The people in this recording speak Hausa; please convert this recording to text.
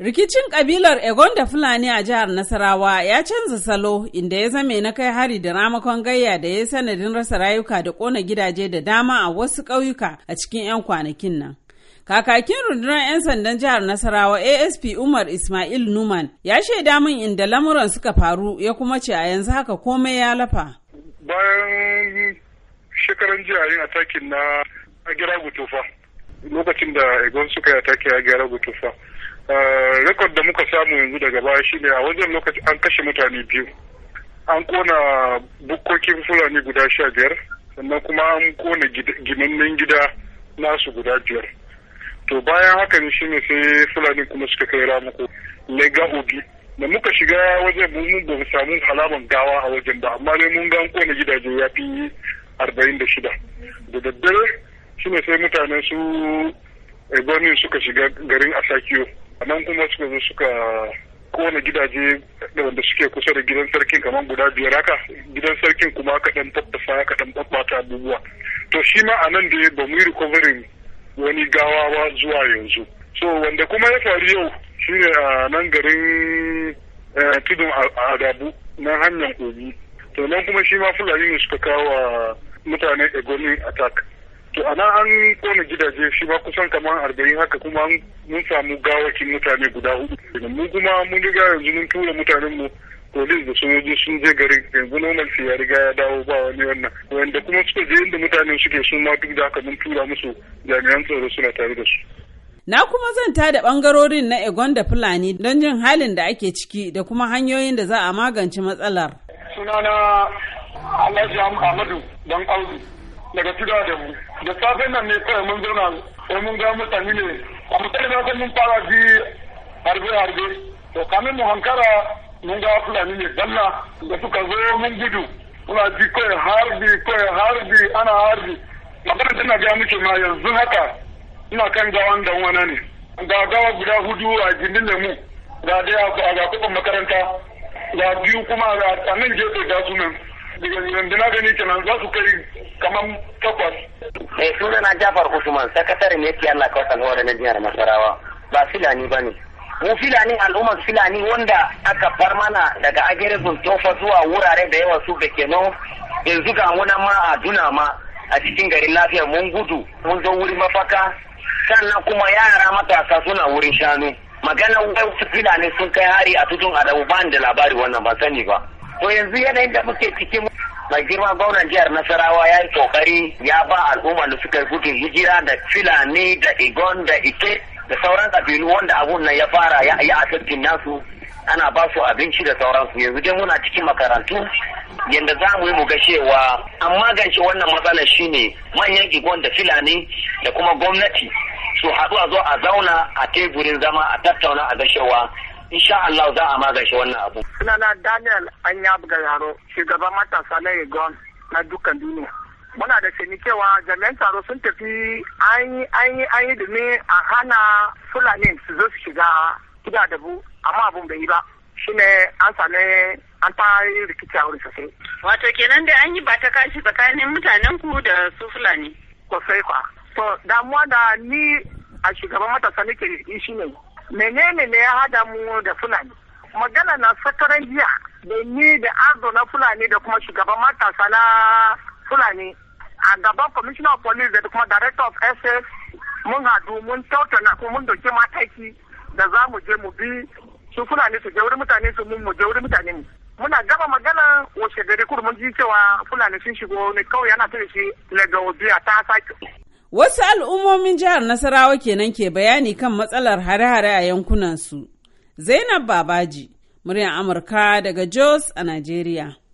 Rikicin kabilar Egon da Fulani a jihar Nasarawa ya canza salo inda ya zame na kai hari da ramakon gayya da ya sanadin rasa rayuka da kona gidaje da dama a wasu ƙauyuka a cikin 'yan kwanakin nan. Kakakin rundunar 'yan sandan jihar Nasarawa ASP Umar Ismail Numan ya shaida min inda lamuran suka faru ya kuma ce a yanzu haka komai ya lafa. Bayan shekaran jihar yin atakin na a gira Gutufa. lokacin da egon suka ya take ya gyara gutufa eh, rekod da muka samu yanzu daga baya shine a wajen lokaci an kashe mutane biyu an kona bukkokin fulani guda sha biyar sannan kuma an kona ginannen gida nasu guda biyar to bayan hakan shine sai fulani kuma suka kai ramuku lega obi da muka shiga wajen mun ba mu samu alaman gawa a wajen ba amma dai mun ga an kona gidaje ya fi arba'in da shida da daddare shine sai mutane su gwanin suka shiga garin asakiyo nan kuma suka zo suka kowane gidaje da wanda suke kusa da gidan sarkin kamar guda biyar haka gidan sarkin kuma aka dan tabbasa aka dan babbata abubuwa to shi ma a nan da ba mu yi recovering wani gawa ba zuwa yanzu so wanda kuma ya faru yau shine a nan garin eh, tudun adabu na hanyar kogi to nan kuma shi ma fulani ne suka kawo mutane egonin attack to a nan an kona gidaje shi ba kusan kamar arba'in haka kuma mun samu gawakin mutane guda hudu mu kuma mun riga yanzu mun tura mutanen mu polis da sojoji sun je garin yanzu normal ya riga ya dawo ba wani wannan wanda kuma suka je inda mutane suke su ma duk da haka mun tura musu jami'an tsaro suna tare da su Na kuma zan da bangarorin na Egon da Fulani don jin halin da ake ciki da kuma hanyoyin da za a magance matsalar. Sunana Alhaji Ahmadu don Audu. daga tuda da mu da safen nan ne kawai mun zauna sai mun ga mutane ne a mutane na mun fara bi harbe harbe to kamin mu hankara mun ga fulani ne danna da suka zo mun gudu muna ji kawai harbi kawai harbi ana harbi magana tana ga muke ma yanzu haka ina kan gawan dan wana ne ga gawa guda hudu a jindin da mu ga dai a ga makaranta ga biyu kuma ga nan jefe da sunan rundunar gani kenan za su kai kamar takwas. mai eh, jafar usman sakatare ne ke allah kawai sanwar na jihar masarawa ba filani ba ne mu filani al'ummar filani wanda aka bar mana daga agerizun tofa zuwa wurare da yawa su da kenan yanzu ga muna ma a duna ma a cikin garin lafiya mun gudu mun zo wuri mafaka sannan kuma yara matasa suna wurin shanu magana wai filani sun kai hari a tutun adabu ba da labari wannan ba sani ba To yanzu yanayin da muke cikin mai girma gwamnan jihar Nasarawa ya yi kokari ya ba al'umma da suka gudun hijira da filani da Igon da Ike da sauran kabilu wanda abun nan ya fara ya yi asirkin nasu ana ba su abinci da sauransu yanzu dai muna cikin makarantu yadda za mu yi mu ga amma an magance wannan matsalar shine manyan igon da filani da kuma gwamnati su haɗu a zo a zauna a teburin zama a tattauna a ga insha Allah za a magance wannan abu. Sunana Daniel Anyabga Yaro, shugaban matasa na Egon na dukkan duniya. Muna da cewa jami'an taro sun tafi an yi domin a hana Fulani su zo su shiga gida da bu, amma abun bai yi ba. Shine an same an ta yi rikici a wurin sosai. Wato kenan da an yi ba ta kashi tsakanin mutanen ku da su Fulani. Kwasai kwa. To damuwa da ni a shugaban matasa nake yi shine menene ne ya hada mu da fulani magana na sakaran jiya da ni da arzo na fulani da kuma shugaban matasa na fulani a gaban commissioner of police da kuma director of ss mun hadu mun tautana kuma mun doki mataki da za mu je mu bi su fulani su je wuri mutane su mun mu je mutane mu muna gaba magana wace gari kurmun ji cewa fulani sun shigo ne kawai yana tafi shi daga wabiya ta sake Wasu al'ummomin jihar Nasarawa kenan ke bayani kan matsalar hare-hare a yankunansu. Zainab Babaji, muryar Amurka daga Jos a Najeriya.